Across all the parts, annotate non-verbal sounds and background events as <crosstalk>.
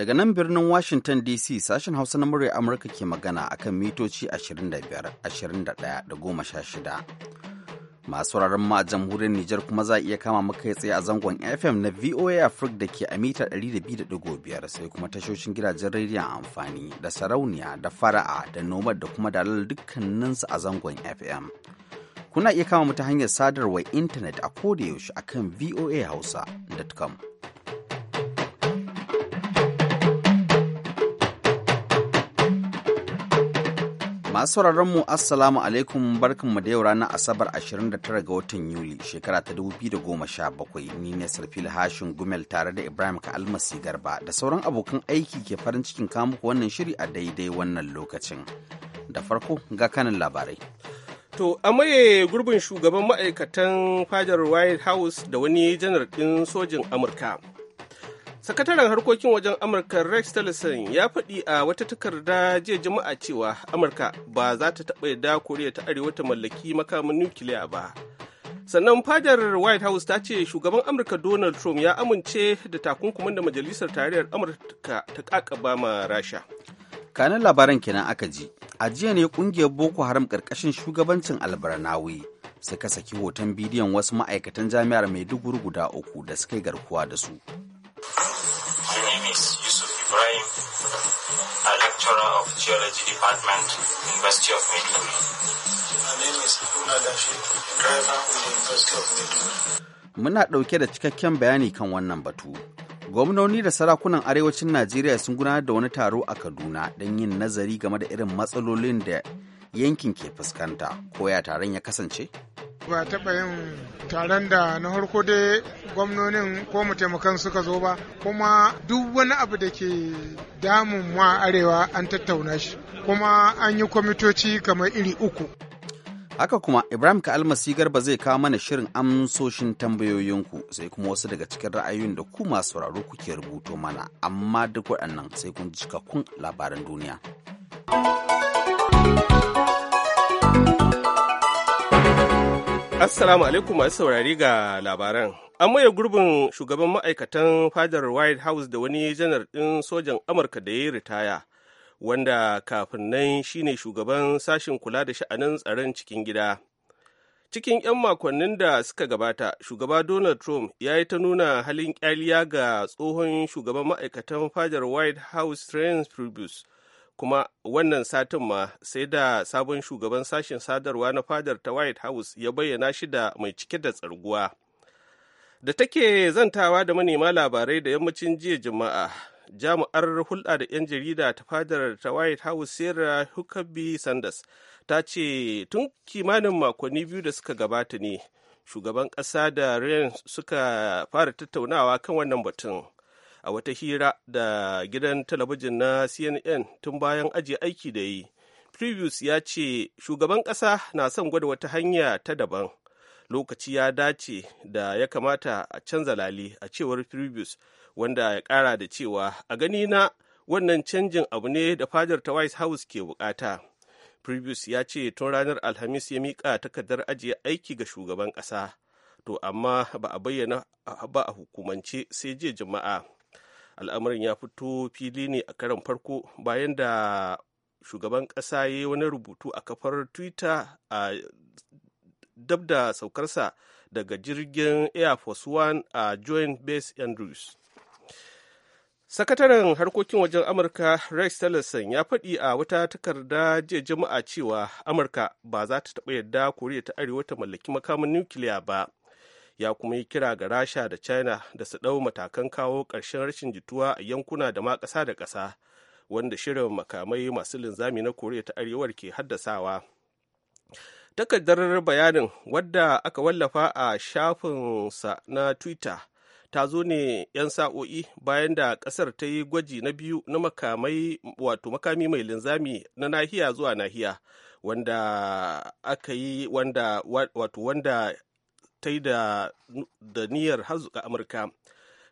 Daga nan birnin Washington DC sashen Hausa na murya Amurka ke magana a kan mitoci 25, 21 da 16. Masu wuraren ma a jamhuriyar Nijar kuma za a iya kama maka tsaye a zangon FM na VOA Africa da ke a mita 200.5 sai kuma tashoshin gidajen rediyon amfani da sarauniya da fara'a da nomad da kuma dalal dukkaninsu a zangon FM. Kuna iya kama mu ta hanyar sadarwar intanet a kodayaushe akan voahausa.com. Masu mu Assalamu alaikum barkanmu da yau ranar Asabar 29 ga watan Yuli shekara ta 2017 ni ne Sarfil Hashin Gumel tare da Ibrahim ka almasi Garba da sauran abokan aiki ke farin cikin kamuku wannan shiri a daidai wannan lokacin. Da farko ga kanin labarai. To, a maye gurbin shugaban ma'aikatan fajar White House da wani janar ɗin sojin Amurka. sakataren harkokin wajen amurka rex tillerson ya faɗi a wata takarda jiya juma'a cewa amurka ba za ta taɓa yarda koriya ta arewa ta mallaki makamin nukiliya ba sannan fadar white house ta ce shugaban amurka donald trump ya amince da takunkumin da majalisar tarayyar amurka ta kakaba ma rasha kanan labaran kenan aka ji a jiya ne ƙungiyar boko haram karkashin shugabancin albarnawi suka saki hoton bidiyon wasu ma'aikatan jami'ar maiduguri guda uku da suka yi garkuwa da su My name is Yusuf Ibrahim, a lecturer of Geology Department, University of Maiduguri. My name is Luna Dashi, driver with the University of Maiduguri. Muna ɗauke da cikakken bayani kan wannan batu. gwamnoni da sarakunan arewacin najeriya sun gudanar da wani taro a kaduna don yin nazari game da irin matsalolin da yankin ke fuskanta koya taron ya kasance ba taɓa yin taron da na harko dai gwamnonin ko mu taimakan suka zo ba kuma duk wani abu da ke damun mu a arewa an tattauna shi kuma an yi kwamitoci kamar iri uku haka kuma ibrahim ka almasi garba zai kawo mana shirin amsoshin tambayoyinku sai kuma wasu daga cikin ra'ayoyin da ku masu sauraro kuke rubuto mana amma duk waɗannan sai kun ji cikakkun labaran duniya. Assalamu alaikum masu saurari ga labaran. An maye gurbin shugaban ma'aikatan fadar White House da wani janar ɗin sojan Amurka da ya ritaya, wanda kafin nan shi ne shugaban sashen kula da sha'anin tsaron cikin gida. Cikin 'yan makonnin da suka gabata, shugaba Donald Trump ya yi ta nuna halin kyaliya ga tsohon shugaban ma'aikatan fadar White House Reince Priebus. kuma wannan satin ma sai da sabon shugaban sashen sadarwa na fadar ta white house ya bayyana shi da mai cike da tsarguwa da take zantawa da manema labarai da yammacin jiya juma'a jami'ar hulɗa da 'yan jarida ta fadar ta white house sarah huckabee sanders ta ce tun kimanin makonni biyu da suka gabata ne shugaban ƙasa da ryan suka fara tattaunawa kan wannan batun a wata hira da gidan talabijin na cnn tun bayan ajiye aiki da yi previous ya ce shugaban ƙasa na son gwada wata hanya ta daban lokaci ya dace da ya kamata a canza lali a cewar previous wanda ya ƙara da cewa a gani na wannan canjin abu ne da fadar ta white house ke bukata previous ya ce tun ranar alhamis ya miƙa takardar ajiye aiki ga shugaban ƙasa to amma ba a bayyana ba a hukumance sai jiya jama'a al'amarin ya fito fili ne a karan farko bayan da shugaban ƙasa ya yi wani rubutu a kafar twitter a dab da saukarsa daga jirgin air force one a joint base andrews sakataren harkokin wajen amurka rex tillerson ya faɗi a wata takarda jiya jama'a cewa amurka ba za ta taɓa yadda koriya ta arewa ta mallaki makamin nukiliya ba ya kuma yi kira ga rasha da china da su ɗau matakan kawo ƙarshen rashin jituwa a yankuna da ma ƙasa da ƙasa wanda shirin makamai masu linzami na koriya ta arewar ke haddasawa takardar bayanin wadda aka wallafa a shafinsa na twitter ta zo ne 'yan sa'o'i bayan da kasar ta yi gwaji na biyu na makamai wato makami mai linzami na nahiya zuwa nahiya wanda aka yi wanda wato wanda ta yi da niyyar hazuka amurka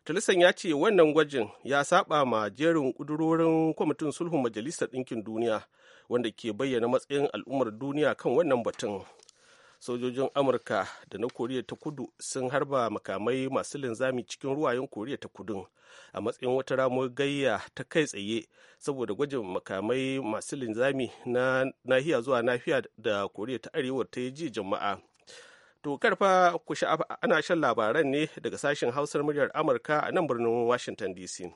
talisan ya ce wannan gwajin ya saba ma jerin kudurorin kwamitin sulhun majalisar ɗinkin duniya wanda ke bayyana matsayin al'ummar duniya kan wannan batun sojojin amurka da na koriya ta kudu sun harba makamai masu linzami cikin ruwayen koriya ta kudu a matsayin wata ramar gayya ta kai tsaye saboda gwajin makamai masu linzami na nahiya zuwa nahiya da koriya ta arewa ta yi ji jama'a To karfa ku sha'afa ana shan labaran ne daga sashen hausar muryar Amurka a nan birnin Washington DC.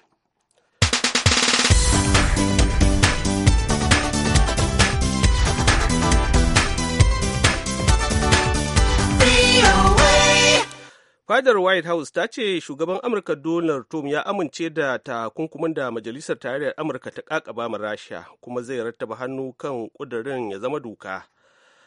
fadar white house ta ce shugaban amurka donald trump ya amince da takunkumin da majalisar tarayyar amurka ta kakaba ma rasha kuma zai rattaba hannu kan kudirin ya zama doka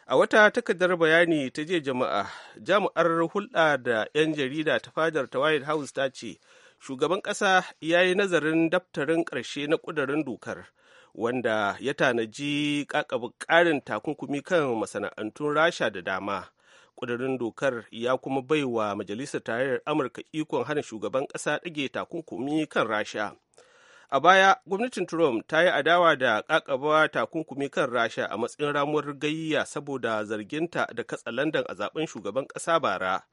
a wata takardar bayani ta je jama'a jami'ar hulɗa da 'yan jarida ta fadar ta white house ta ce shugaban ƙasa ya yi nazarin daftarin ƙarshe na ƙudurin dokar wanda ya tanaji ƙaƙabin ƙarin takunkumi kan masana'antun rasha da dama ƙudurin dokar ya kuma bai wa majalisar tarayyar amurka ikon hana shugaban ƙasa ɗage takunkumi kan rasha A baya, gwamnatin Trump ta yi adawa da kakaba takunkumi kan Rasha a matsayin ramuwar gayya saboda zarginta da katsa katsalandan a zaben shugaban ƙasa bara.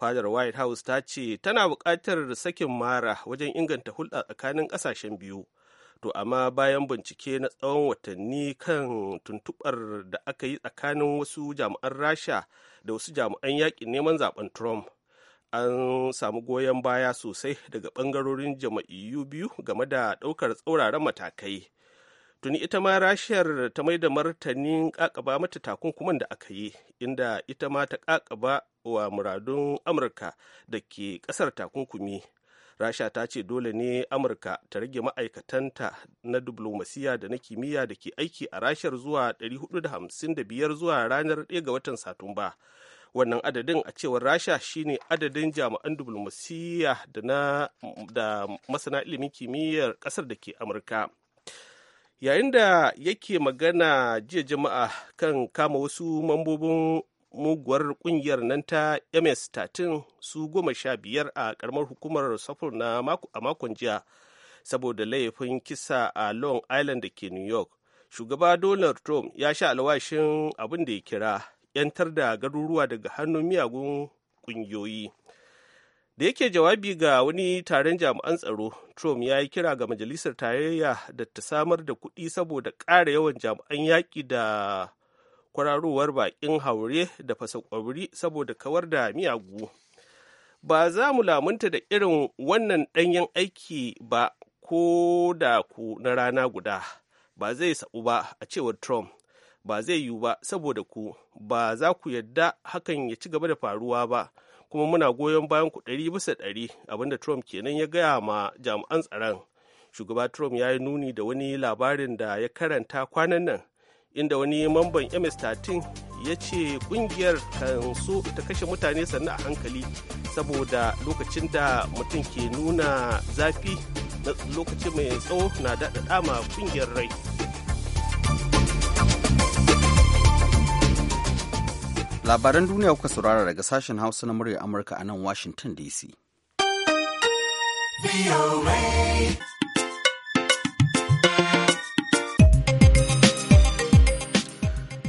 Fadar White House ta ce tana buƙatar sakin mara wajen inganta hulɗa tsakanin ƙasashen biyu. To, amma bayan bincike na tsawon watanni kan tuntuɓar da aka yi tsakanin wasu jami'an Rasha da wasu jami'an yaƙin neman zaben Trump. an samu goyon baya sosai daga ɓangarorin jama'iyyu biyu game da ɗaukar tsauraran matakai tuni ita ma rashiyar ta mai da martanin ƙaƙaba mata takunkuman da aka yi inda ita ma ta ƙaƙaba wa muradun amurka da ke ƙasar takunkumi rasha ta ce dole ne amurka ta rage ma'aikatanta na diplomasiya da na kimiyya da ke aiki a rashiyar zuwa 455 zuwa ranar 1 ga watan satumba wannan adadin a cewar rasha shine adadin jami'an diflomasiyya da da masana ilimin kimiyyar kasar da ke amurka yayin da yake magana jiya jama'a kan kama wasu mambobin muguwar kungiyar nan ta ms 13 su goma sha biyar a karamar hukumar suffer na a makon jiya saboda laifin kisa a long island da ke new york shugaba donald trump ya sha alwashin abin da ya kira yantar da garuruwa daga hannun miyagun ƙungiyoyi da yake jawabi ga wani taron jami'an tsaro trump ya yi kira ga majalisar tarayya da ta samar da kuɗi saboda ƙara yawan jami'an yaƙi da kwararowar baƙin haure da fasa ƙwabri saboda kawar da miyagu ba za mu lamunta da irin wannan ɗanyen aiki ba ko da ku na rana guda ba zai saɓu ba a cewar trump ba zai yiwu ba saboda ku ba za ku yadda hakan ya ci gaba da faruwa ba kuma muna goyon bayan ku ɗari bisa ɗari abinda trump kenan ya gaya ma jami'an tsaron shugaba trump ya yi nuni da wani labarin da ya karanta kwanan nan inda wani mamban ms-13 ya ce kungiyar kan so ta kashe mutane sannan a hankali saboda lokacin da mutum ke nuna zafi na lokaci mai tsawo na daɗaɗa ma kungiyar rai Labaran duniya kuka saurara daga sashen Hausa na muryar Amurka a nan Washington DC.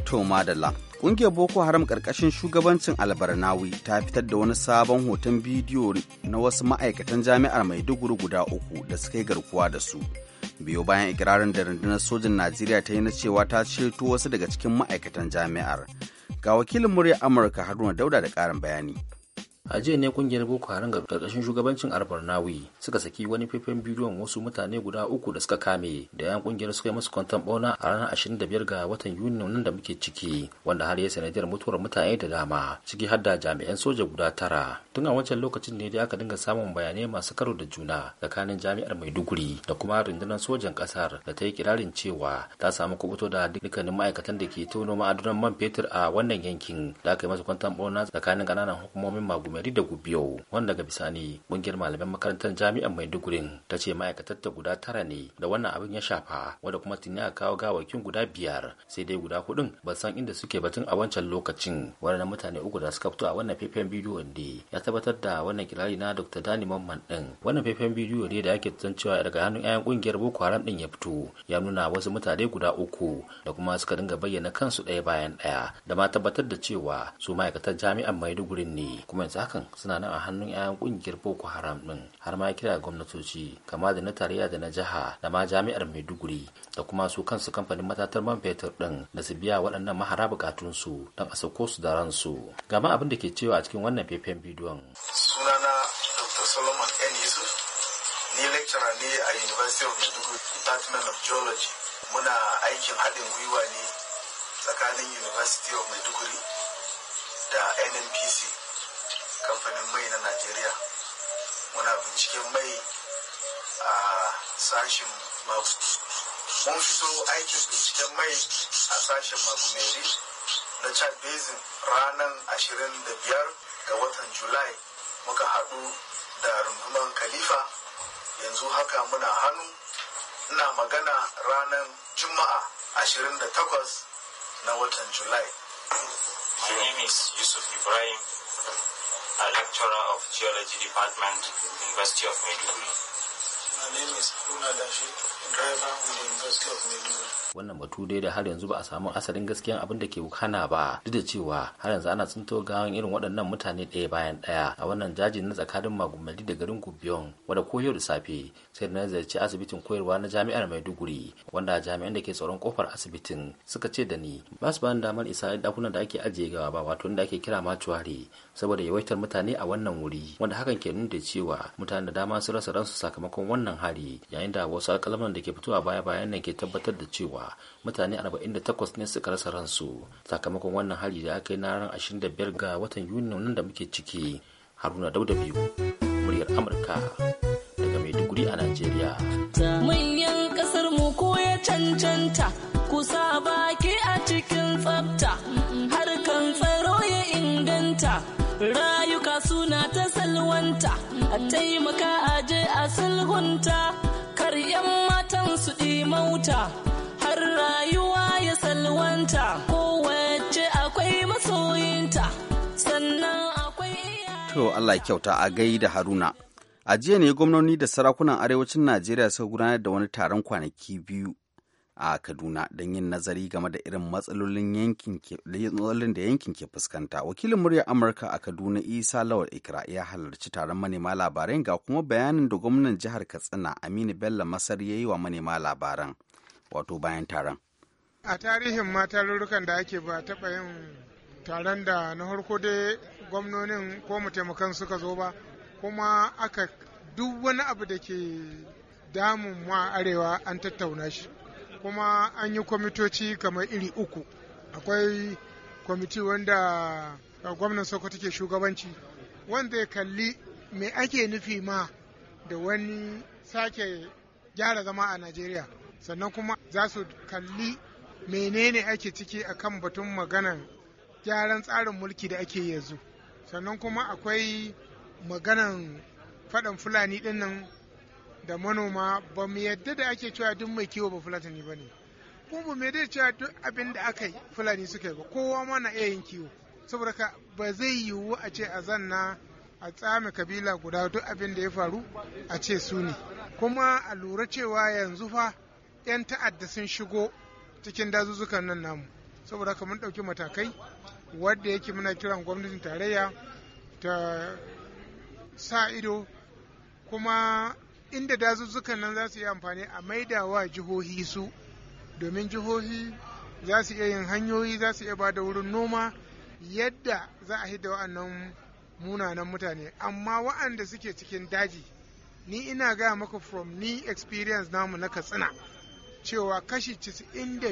To madalla. Ƙungiyar Boko Haram ƙarƙashin shugabancin albarnawi ta fitar da wani sabon hoton bidiyo na wasu ma'aikatan jami'ar Maiduguri guda uku da suka yi garkuwa da su. Biyo bayan ikirarin da rundunar sojin Najeriya ta yi na cewa ta ceto wasu daga cikin ma'aikatan jami'ar. Ga wakilin murya Amurka Haruna Dauda da ƙarin bayani. a jiya ne kungiyar boko haram ga karkashin shugabancin albarnawi suka saki wani faifan bidiyon wasu mutane guda uku da suka kame da yan kungiyar suka yi musu kwantan bauna a ranar ashirin da biyar ga watan yuni nan da muke ciki wanda har ya sanadiyar mutuwar mutane da dama ciki har da jami'an soja guda tara tun a wancan lokacin ne da aka dinga samun bayanai masu karo da juna tsakanin jami'ar maiduguri da kuma rundunar sojan kasar da ta yi kirarin cewa ta samu kubuto da dukkanin ma'aikatan da ke tono ma'adunan man fetur a wannan yankin da aka yi musu kwantan bauna tsakanin kananan hukumomin magumi maiduguri da gubiyo wanda ga bisani kungiyar malaman makarantar jami'an maidugurin ta ce ma'aikatar ta guda tara ne da wannan abin ya shafa wanda kuma tuni a kawo gawakin guda biyar sai dai guda hudun ba san inda suke batun a wancan lokacin wannan mutane uku da suka fito a wannan faifayen bidiyo ne ya tabbatar da wannan kirari na dr dani mamman din wannan faifayen bidiyo ne da yake ake cewa daga hannun 'ya'yan kungiyar boko haram din ya fito ya nuna wasu mutane guda uku da kuma suka dinga bayyana kansu ɗaya bayan ɗaya da ma tabbatar da cewa su ma'aikatar jami'an maiduguri ne kuma yanzu hakan suna nan a hannun 'ya'yan kungiyar boko haram din har ma kira gwamnatoci kama da na tarayya da na jiha da ma jami'ar maiduguri da kuma su kansu kamfanin matatar man fetur din da su biya waɗannan mahara bukatunsu don a sauko su da ransu gama abin da ke cewa a cikin wannan faifan bidiyon sunana dr solomon n yusuf ni lecturer ne a university of maiduguri department of geology muna aikin haɗin gwiwa ne tsakanin university of maiduguri da nnpc kamfanin mai na najeriya muna binciken mai a sashen mun fito aikin binciken mai a sashen magumeri na chad basin ranar 25 ga watan julai muka haɗu da rundunar khalifa yanzu haka muna hannu ina magana ranar juma'a 28 na watan julai My Yusuf Ibrahim. a lecturer of Geology Department, University of Maiduguri. My name is Luna Dashi. wannan batu dai da har yanzu ba a samu asalin gaskiyan abin da ke wukana ba duk da cewa har yanzu ana tsinto gawan irin waɗannan mutane ɗaya bayan ɗaya a wannan jaji na tsakanin magumali da garin gubiyon wanda ko yau da safe sai da ziyarci asibitin koyarwa na jami'ar maiduguri wanda jami'an da ke tsaron kofar asibitin suka ce da ni ba su bani damar isa dakunan da ake ajiye gawa ba wato da ake kira macuwari saboda yawaitar mutane a wannan wuri wanda hakan ke nuna da cewa mutane da dama sun rasa ransu sakamakon wannan hari yayin da wasu alƙalaman da ke fitowa baya-bayan nan ke tabbatar da cewa mutane 48 ne suka rasa ransu sakamakon wannan hari da aka yi na ran 25 ga watan yuni nan da muke ciki haruna dauda biyu muryar amurka daga maiduguri a nigeria. manyan kasar mu ko ya cancanta kusa baki a cikin tsafta harkan tsaro ya inganta rayuka suna ta salwanta a taimaka a je a sulhunta kar 'yan su mauta har rayuwa ya salwanta kowace akwai masoyinta sannan akwai To Allah kyauta a gaida Haruna. A jiya ne gwamnoni da sarakunan arewacin Najeriya suka gudanar da wani taron kwanaki biyu a Kaduna don yin nazari game da irin matsalolin da yankin ke fuskanta. Wakilin muryar Amurka a Kaduna Isa Lawal Ikra ya halarci taron manema labaran ga kuma bayanin da gwamnan jihar Katsina Aminu Bello Masar ya yi wa manema labaran wato bayan taron. A tarihin ma tarurrukan da ake ba taɓa yin taron da na harko dai gwamnonin ko mutemakan suka zo ba kuma aka duk wani abu da ke damun mu arewa an tattauna shi. kuma an yi kwamitoci kamar iri uku akwai kwamiti wanda gwamnan sokoto ke shugabanci wanda ya kalli me ake nufi ma da wani sake gyara zama a najeriya sannan kuma za su kalli menene ake ciki a kan batun maganan gyaran tsarin mulki da ake yanzu sannan kuma akwai maganan faɗan fulani ɗinnan da manoma ba mu yadda da ake cewa duk mai kiwo ba Fulani ba ne. Kuma ba mu yadda cewa duk abin da aka yi Fulani suka yi ba kowa ma iya yin kiwo. Saboda ka ba zai yiwu a ce a zanna a tsame kabila guda duk abin da ya faru a ce su ne. Kuma a lura cewa yanzu fa 'yan ta'adda sun shigo cikin dazuzzukan nan namu. Saboda ka mun ɗauki matakai wadda yake muna kiran gwamnatin tarayya ta sa ido kuma inda dazuzzukan nan za su yi amfani a maidawa jihohi su domin jihohi za su iya yin hanyoyi za su iya ba da wurin noma yadda za a hidda wa'annan munanan mutane amma wa'anda suke cikin daji ni ina gaya maka from ni experience namu na katsina cewa kashi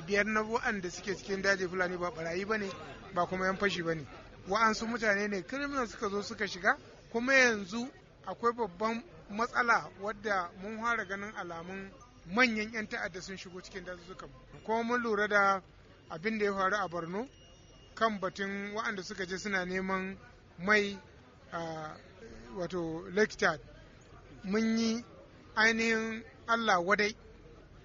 biyar na wa'anda suke cikin daji fulani ba barayi ba ne ba kuma yan fashi ba ne wa'ansu mutane ne criminal suka zo suka shiga kuma yanzu akwai babban matsala wadda mun fara ganin alamun manyan 'yan ta'adda sun shigo cikin dazuzzukan kuma mun lura da abin da ya faru a borno kan batun wa'anda suka je suna neman mai wato lake mun yi ainihin allah wadai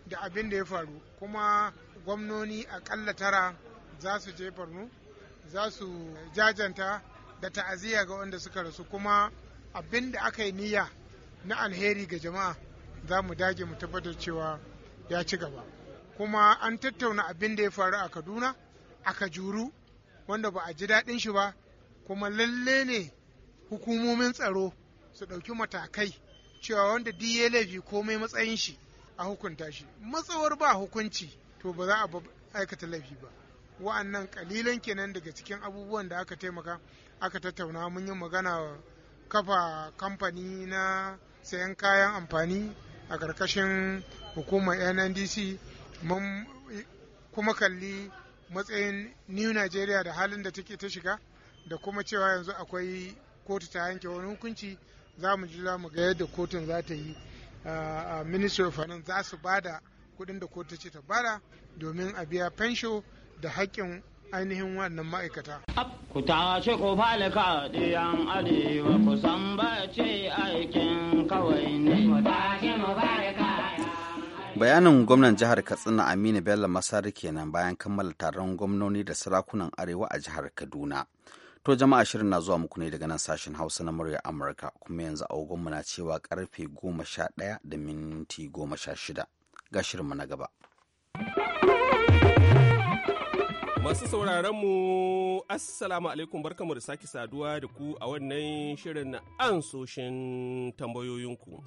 da abin da ya faru kuma gwamnoni aƙalla tara za su je borno za su jajanta da ta'aziyya ga wanda suka rasu kuma abin da aka yi niyya na alheri ga jama'a za mu dage mu tabbatar cewa ya ci gaba kuma an tattauna abin da ya faru a kaduna a Kajuru, wanda ba a ji daɗin shi ba kuma lalle ne hukumomin tsaro su ɗauki matakai cewa wanda duk laifi komai matsayin shi a hukunta shi matsawar ba hukunci to ba za a aikata laifi ba wa'annan kalilan kenan daga cikin abubuwan da aka taimaka aka tattauna mun yi magana kafa kamfani na sayan kayan amfani a ƙarƙashin hukumar nndc kuma kalli matsayin new nigeria da halin da take ta shiga da kuma cewa yanzu akwai kotu ta yanke wani hukunci za mu ji mu ga yadda kotun za ta yi a ministry of finance za su bada kudin da kotu ta ce ta bada domin a biya fensho da haƙƙin ainihin wannan ma'aikata. Ku ce ku ka diyan arewa ku san ba ce aikin kawai ne. Bayanin gwamnan jihar Katsina Aminu Bello Masari kenan bayan kammala taron gwamnoni da sarakunan arewa a jihar Kaduna. To jama'a shirin na zuwa muku ne daga nan sashen Hausa na murya Amurka kuma yanzu agogonmu na cewa karfe goma sha ɗaya da minti goma sha shida. Ga shirinmu na gaba. Masu sauraron mu Assalamu alaikum barkamu da sake saduwa da ku a wannan shirin ansoshin tambayoyinku.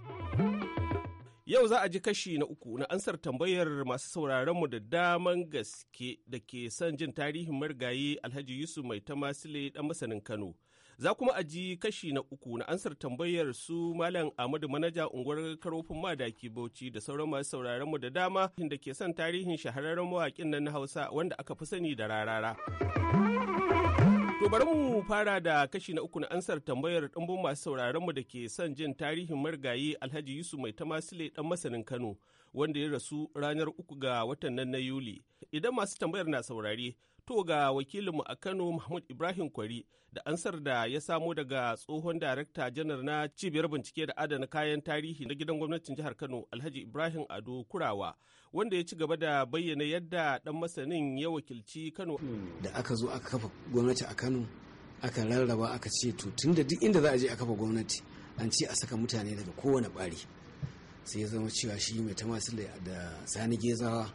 Yau za a ji kashi na uku na ansar tambayar masu mu da daman gaske da ke son jin tarihin marigayi Alhaji Yusuf Mai Masile ɗan masanin Kano. Za kuma a ji kashi na uku na ansar tambayar su Malam Ahmadu Manaja unguwar Karofin Madaki Bauchi da sauran masu sauraron mu da dama da ke son tarihin shahararren mawaƙin nan na Hausa wanda aka fi sani da rarara. To bari mu fara da kashi na uku na ansar tambayar ɗumbin masu sauraron mu da ke son jin tarihin marigayi Alhaji Yusuf Mai Tamasile ɗan masanin Kano. wanda ya rasu ranar uku ga watan nan na Yuli. Idan masu tambayar na saurari to ga wakilinmu a Kano Mahmud Ibrahim Kwari da ansar da ya samo daga tsohon darakta janar na cibiyar bincike da adana kayan tarihi na gidan gwamnatin jihar Kano Alhaji Ibrahim Ado Kurawa wanda ya ci gaba da bayyana yadda dan masanin ya wakilci Kano. Da aka zo aka kafa gwamnati a Kano aka rarraba aka ce to tunda duk inda za a je a kafa gwamnati an ce a saka mutane daga kowane bari sai ya zama cewa shi mai ta tamasu da sani gezawa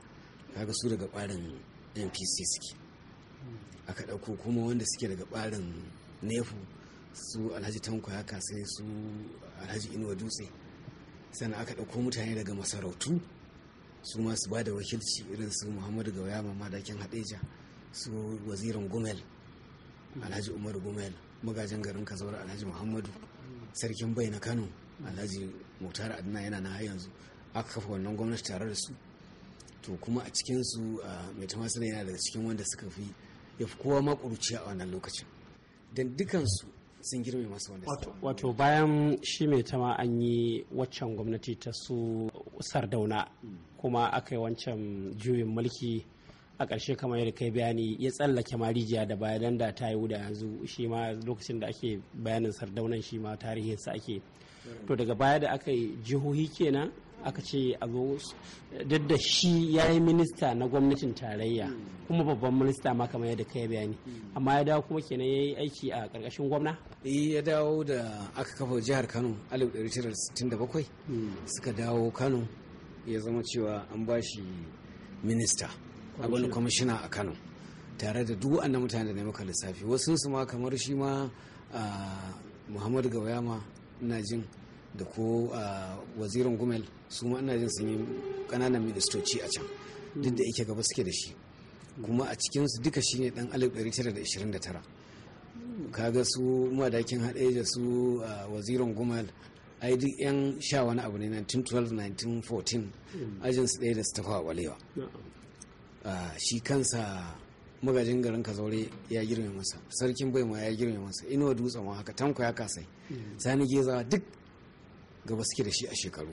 kaga su daga ɓarin npc suke aka ɗauko kuma wanda suke daga ɓarin nefu su alhaji tanko sai su alhaji inuwa dutse sannan aka ɗauko mutane daga masarautu su masu ba da wakilci irin su muhammadu gawaya mamadakin hadeja su waziran gomel alhaji umaru gomel magajin garin kazawar alhaji muhammadu sarkin bai na kano alhaji motar adina yana na yanzu aka kafa wannan gwamnati tare da su to kuma a cikinsu mai sanar yana daga cikin wanda suka fi ya fi kowa makuruci a wannan lokacin don dukansu sun girme masu wanda wato bayan shi mai tama an yi waccan gwamnati ta su sardauna kuma aka yi wancan juyin mulki a ƙarshe kamar yadda kai bayani ya tsallake marijiya da dan da ta yi da yanzu shi ma lokacin da ake bayanin sardaunan shi ma tarihinsa ake to daga baya da aka yi jihohi kenan aka ce a zo duk da shi ya yi minista na gwamnatin tarayya kuma babban minista ma kamar yadda kai bayani amma ya dawo kuma kenan ya yi aiki a karkashin gwamna eh, ya dawo da aka kafa jihar kano 1967 suka dawo kano ya zama cewa an ba shi minista a wani kwamishina a kano tare da duk wa'annan mutane da na maka lissafi wasu su ma kamar shi ma ah, muhammadu gawayama ina jin da ko wazirin gumel su ma ina jin sun yi ƙananan ministoci a can duk da yake gaba suke da shi kuma a cikinsu duka shi ne ɗan 1929 kaga su madakin haɗe da su wazirin gumel ai duk 'yan sha wani abu ne 1912-1914 ajinsu ɗaya da su tafawa walewa shi kansa magajin garin ka zaure ya girme masa sarkin ma ya girme masa inuwa dutsen haka tanko ya kasai mm. sani gezawa duk gaba suke da shi a shekaru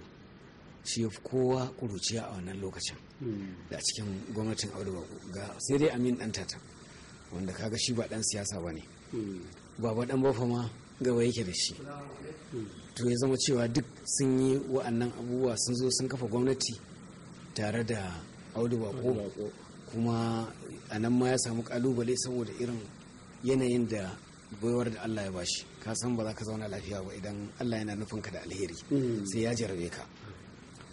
shi ya fi kowa kuruciya a wannan lokacin mm. da a cikin gwamnatin auduwa ga sai dai amin dan tata wanda kaga shi ba dan siyasa ba ne mm. baba dan bafa ma gaba yake da shi to ya zama cewa duk sun yi wa'annan abubuwa sun zo sun kafa gwamnati tare da auduwa kuma a nan ma ya samu kalubale saboda irin yanayin da baiwar da Allah ya bashi ka san ba za ka zauna lafiya ba idan Allah yana nufin ka da alheri mm. sai ya jarabe ka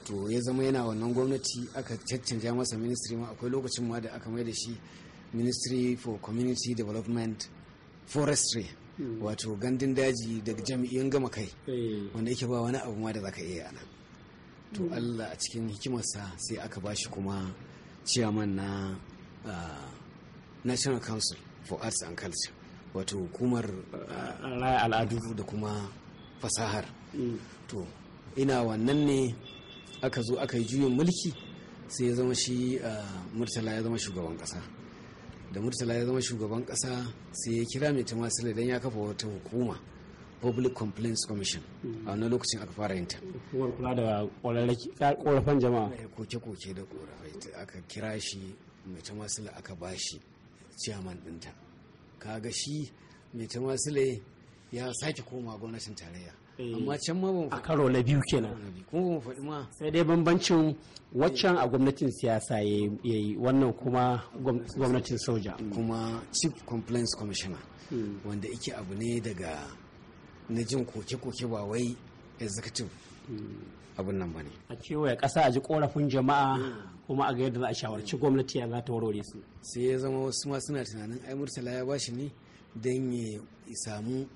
to ya zama yana wannan gwamnati aka caccanja masa ministry ma akwai lokacin ma da aka mai da shi ministry for community development forestry mm. wato gandun daji daga jami'in gama kai eh. wanda yake ba wani abu ma da zaka iya ana to mm. Allah a cikin hikimarsa sai aka bashi kuma ciyaman na Uh, national council for arts and culture wato hukumar uh, raya al'adu da kuma fasahar mm. to ina wannan ne aka zo aka yi juyin mulki sai ya zama shi uh, murtala ya zama shugaban kasa da murtala ya zama shugaban kasa sai ya kira mai tumasila don ya kafa wata hukuma public complaints commission mm. a wani lokacin aka fara yinta kuma kula da korafan jama'a eh, koke-koke da korafai aka kira shi mai masila aka ba shi ciyaman ɗinta kaga shi mai masila ya sake koma gwamnatin tarayya eh. amma can ma ban a karo na biyu kenan kuma ban faɗi ma sai dai bambancin waccan a eh. gwamnatin siyasa ya yi wannan kuma gwamnatin soja kuma chief complaints commissioner hmm. wanda yake abu ne daga na jin koke-koke ba wai executive abin nan ba ne a kewaye ƙasa a ji korafin jama'a kuma a ga yadda za a shawarci gwamnati a za ta warware su sai ya zama wasu ma suna tunanin ai murtala ya bashi ne don ya samu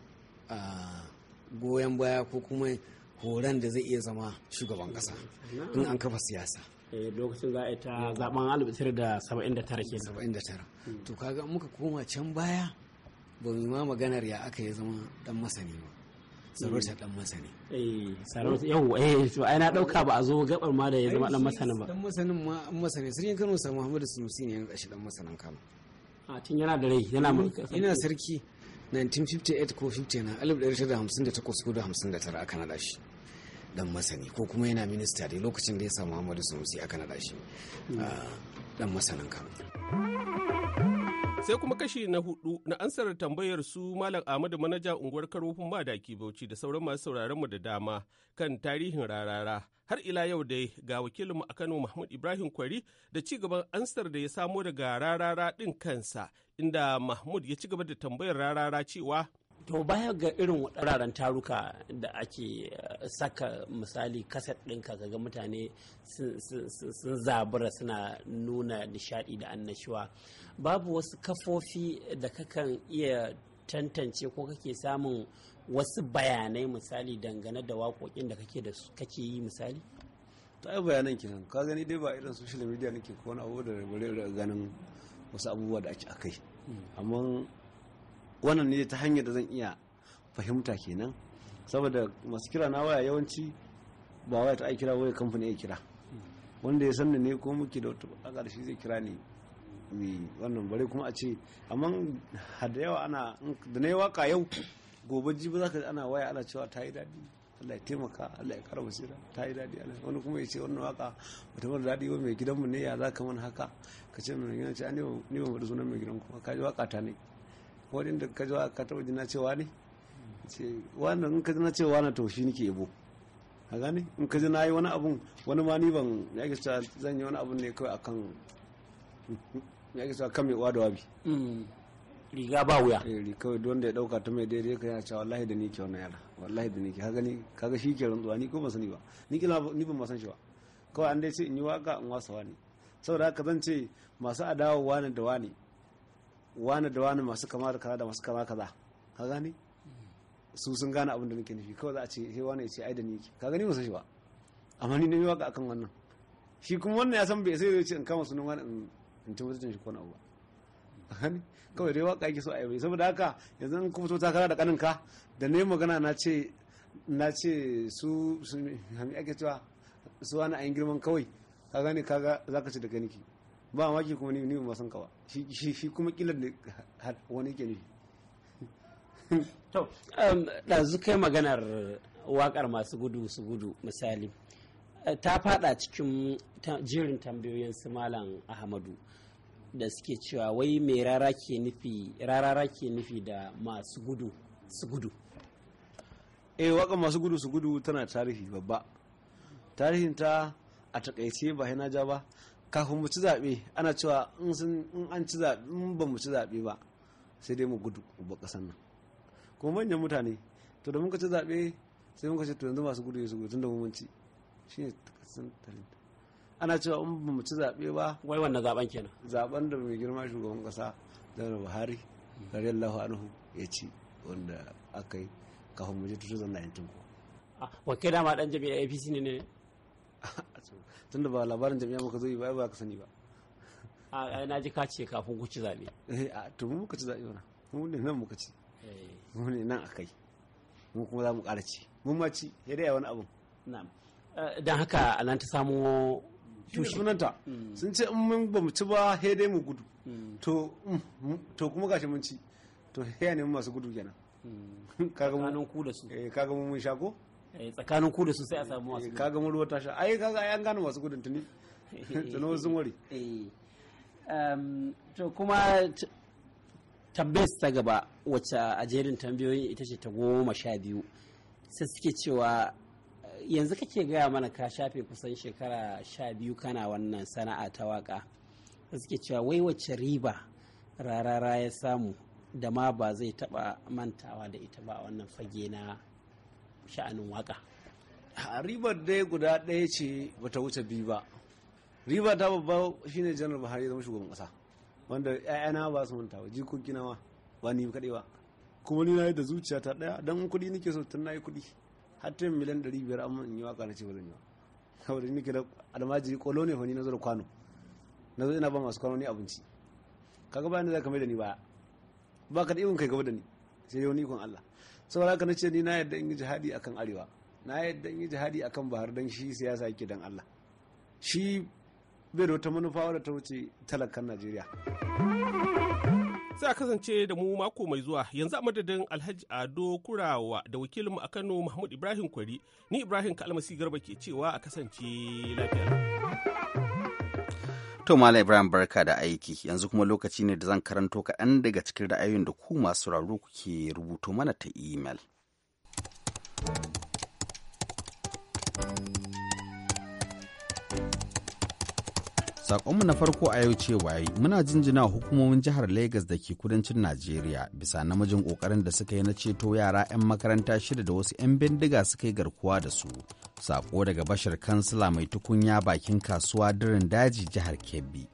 goyon baya ko kuma horon da zai iya zama shugaban kasa in an kafa siyasa eh, lokacin za a ta zaben albitar da 79 ke 79 to kaga muka koma can baya ba mu ma maganar ya aka ya zama dan masani ba sarauta eh. dan masani eh sarauta yau eh ai na dauka ba a zo gabar ma da ya zama dan masanin ba dan masanin ma an masani sirrin Kano sa Muhammadu Sunusi ne yanzu shi dan masanin Kano a tun yana da rai yana mulki yana sarki 1958 ko 59 1958 ko 59 aka nada shi dan masani ko kuma yana minista dai lokacin da ya samu Muhammadu Sunusi aka nada shi hmm. ah, dan masanin Kano Sai kuma kashi na hudu na ansar tambayar su Malam Ahmadu manajan unguwar karofin madaki Bauchi da sauran masu sauraron mu da dama kan tarihin rarara. Har ila yau dai ga wakilinmu a Kano Mahmud Ibrahim Kwari da ci gaban ansar da ya samo daga rarara din kansa inda Mahmud ya ci gaba da tambayar rarara cewa to baya ga irin wuraren taruka da ake eh, saka misali kaset ɗinka kaga mutane sun zabura suna nuna nishaɗi da annashuwa babu wasu kafofi da kakan iya tantance ko kake samun wasu bayanai misali dangane da waƙoƙin da kake yi misali ta yi bayanan kenan ka gani dai ba irin social media nake ko wani abu da ganin wasu abubuwa da ake akai hmm. amma wannan ne ta hanyar da zan iya fahimta kenan saboda masu kira na waya yawanci ba waya ta kira waya kamfani ya kira wanda ya sanni ne ko muke da wata a ƙarshe zai kira ne mai wannan bare kuma a ce amma da yawa ana da na yi waka yau gobe ji ba za ka ana waya ana cewa ta yi daɗi Allah ya taimaka Allah ya kara basira ta yi daɗi Allah wani kuma ya ce wannan waka bata mara daɗi ba mai gidanmu ne ya za ka mana haka ka ce mai gidan ce an ne ba mai sunan mai gidan kuma ka ji waka ta ne wani da ka jiwa ka taɓa jina cewa ne ce wannan in ka jina cewa na to shi ke yabo a gane in ka jina yi wani abun wani ma ni ban ya ke cewa zan yi wani abun ne kawai akan <laughs> ya ke cewa kan mai uwa da wabi mm. riga ba wuya eh kawai don da ya dauka ta mai daidai ka yana cewa wallahi da ni ke wannan yara wallahi da ni ke haka ni ga shi ke rantsuwa ni ko ban sani ba ni kila ni ban san shi ba kawai an dai ce in yi waka in wasa wani saboda haka zan ce masu adawa wani da wani wani da wani masu kama da kaza da masu kama kaza ka gani su sun gane abin da nake nufi kawai za a ce sai wani ya ce ai da ni ka gani ba shi ba amma ni na yi waka akan wannan shi kuma wannan ya san bai sai zai ce in kama sunan wani in ci mutuncin shi ko na abu ba gani kawai dai waka yake so a yi saboda haka yanzu in kuma ta kara da ka da yi magana na ce na ce su su ake cewa su wani ayin girman kawai ka gane kaga zaka ci da ganiki ba maki kuma ni ba san ka ba shi kuma kilar da wani ke nufi to um, ɗazu kai maganar waƙar masu gudu su gudu misali ta fada cikin jerin tambayoyin su malam ahmadu da suke cewa wai mai rara ke nufi rarara ke nufi da masu gudu su gudu eh waƙar masu gudu su gudu tana tarihi babba tarihin ta a takaice ba na ja ba kafin mu ci zaɓe ana cewa in an ci zaɓe in ba mu ci zaɓe ba sai dai mu gudu ba ƙasan nan kuma manyan mutane to da muka ci zaɓe sai muka ce to yanzu masu gudu ya su gudu mu mun ci ne kasan talent ana cewa in ba mu ci zaɓe ba wai wannan zaɓen kenan Zaɓen da mai girma shugaban ƙasa da Buhari radiyallahu anhu ya ci wanda aka yi kafin mu je 2019 ah, wakil dama dan jami'a APC ne ne tunda ba labarin jami'a muka zo yi ba ba ka sani ba a na ji ka ce kafin ku ci zaɓe eh, a to mu muka ci zaɓe mana mu ne nan muka ci eh. mu ne nan akai mu kuma za mu ƙara ci mun ma ci ya dai wani abu na'am eh, dan haka nan ta samu tushe sunanta hmm. sun ce in mun ba mu ci ba he dai mu gudu hmm. to mm, mm, to kuma gashi mun ci to he ne mu masu gudu kenan hmm. kaga mun ku da su kaga mun mun shago Eh, tsakanin ku da su sai a samu wasu eh, kaga mun ruwa tasha ai kaga an gano masu gudun tuni tuno <laughs> sun wari eh, um, to kuma tambayar ta gaba wacce a jerin tambayoyin ita ce ta goma sha biyu sai suke cewa yanzu kake gaya mana ka shafe kusan shekara sha biyu kana wannan sana'a ta waka sai suke cewa wai wacce riba rarara ya samu da ma ba zai taba mantawa da ita ba wannan fage na sha'anin waka ribar dai guda ɗaya ce bata wuce biyu ba riba ta babba shine janar buhari zama shugaban kasa wanda 'ya'yana ba su mantawa jikoki na ba ni kaɗai ba kuma ni na yi da zuciya ta ɗaya don kuɗi nake so tun na yi kuɗi har ta miliyan ɗari biyar amma in yi waka na ce ba zan yi ba saboda ni ke da almajiri kolo ne fani na da kwano na zo ina ba masu kwano ne abinci kaga bayan da za ka mai da ni baya ba ka da ikon kai gaba da ni sai yau ni ikon Allah saboda haka ce ni na yadda in yi jihadi akan arewa na yadda in yi jihadi akan bahar dan shi siyasa yake dan Allah shi bai da wata manufa wadda ta wuce talakan Najeriya sai a kasance da mu mako mai zuwa yanzu a madadin alhaji ado kurawa da wakilinmu a kano mahmud ibrahim kwari ni ibrahim kalmasi garba ke cewa a kasance lafiya To Malam Ibrahim barka da aiki yanzu kuma lokaci ne da zan karanto kaɗan daga cikin ra'ayoyin da ku masu sauraro kuke rubuto mana ta imel. Sakonmu na farko a yau ce waye muna jinjina hukumomin jihar Legas da ke kudancin Najeriya bisa namijin kokarin da suka yi na ceto yara 'yan makaranta shida da wasu 'yan bindiga suka yi garkuwa da su. Sako daga bashar kansila mai tukunya bakin kasuwa dirin daji jihar Kebbi.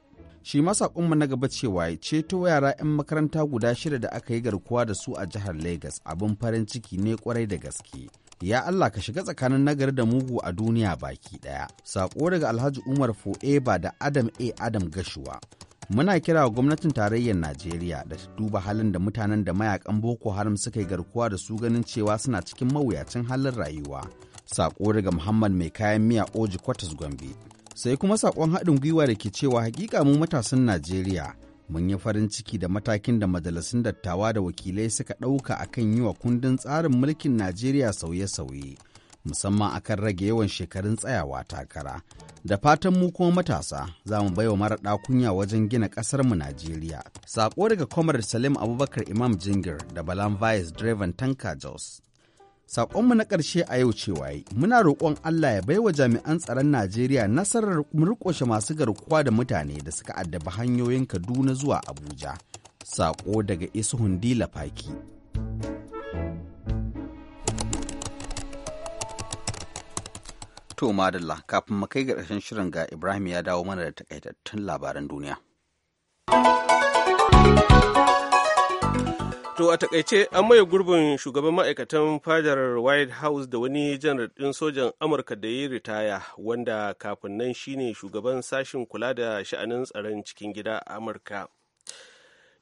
Shi ma sakonmu na gaba ce waye ceto yara 'yan makaranta guda shida da aka yi garkuwa da su a jihar Legas abin farin ciki ne kwarai da gaske. ya Allah ka shiga tsakanin nagari da mugu a duniya baki ɗaya. Saƙo daga Alhaji Umar Fo'eba da Adam A. Adam Gashuwa. Muna kira wa gwamnatin tarayyar Najeriya da ta duba halin da mutanen da mayakan Boko Haram suka yi garkuwa da su ganin cewa suna cikin mawuyacin halin rayuwa. Saƙo daga Muhammad mai kayan miya Oji Kwatas Gombe. Sai kuma saƙon haɗin gwiwa da ke cewa hakika mu matasan Najeriya mun yi farin ciki da matakin da majalisun dattawa da wakilai suka ɗauka akan yi wa kundin tsarin mulkin najeriya sauye-sauye musamman akan rage yawan shekarun tsayawa takara da fatan mu kuma matasa za mu wa mara kunya wajen gina mu najeriya saƙo daga comrade salim abubakar imam jingir da balan vice driven tanka jos Saƙonmu na ƙarshe a yau cewa muna roƙon Allah ya baiwa jami'an tsaron Najeriya nasarar murƙushe masu garkuwa da mutane da suka addaba hanyoyin Kaduna zuwa Abuja. Saƙo daga Isuhun Dila Faki. To madalla kafin mu kai ga ƙarshen shirin ga Ibrahim ya dawo mana da takaitattun labaran duniya. To a takaice an maye gurbin shugaban ma'aikatan fadar White House da wani janar ɗin sojan Amurka da ya ritaya wanda kafin nan shine shugaban sashen kula da sha'anin tsaron cikin gida a Amurka.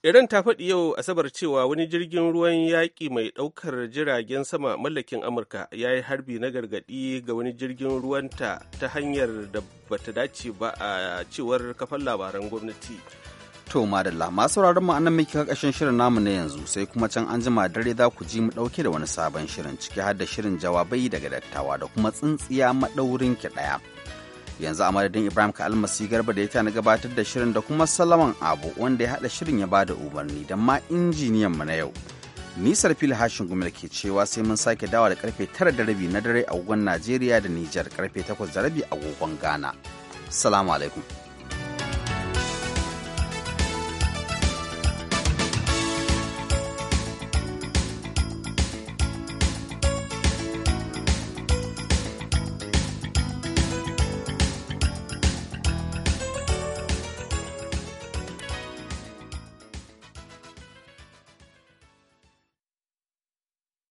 Iran ta faɗi yau Asabar cewa wani jirgin ruwan yaƙi mai ɗaukar jiragen sama mallakin Amurka ya yi harbi na gargaɗi ga wani jirgin ruwanta ta hanyar da bata dace ba a cewar kafan labaran gwamnati. To madalla masu sauraron mu anan muke kakashin shirin namu na yanzu sai kuma can an jima dare za ku ji mu ɗauke da wani sabon shirin ciki har da shirin jawabai daga dattawa da kuma tsintsiya maɗaurin ki daya. Yanzu a madadin Ibrahim ka almasi garba da ya na gabatar da shirin da kuma Salaman Abu wanda ya haɗa shirin ya ba da umarni da ma injiniyan mu na yau. Nisar fili hashin gumil ke cewa sai mun sake dawa da karfe tara da rabi na dare a Najeriya da Nijar karfe takwas da rabi a Ghana. Salamu alaikum.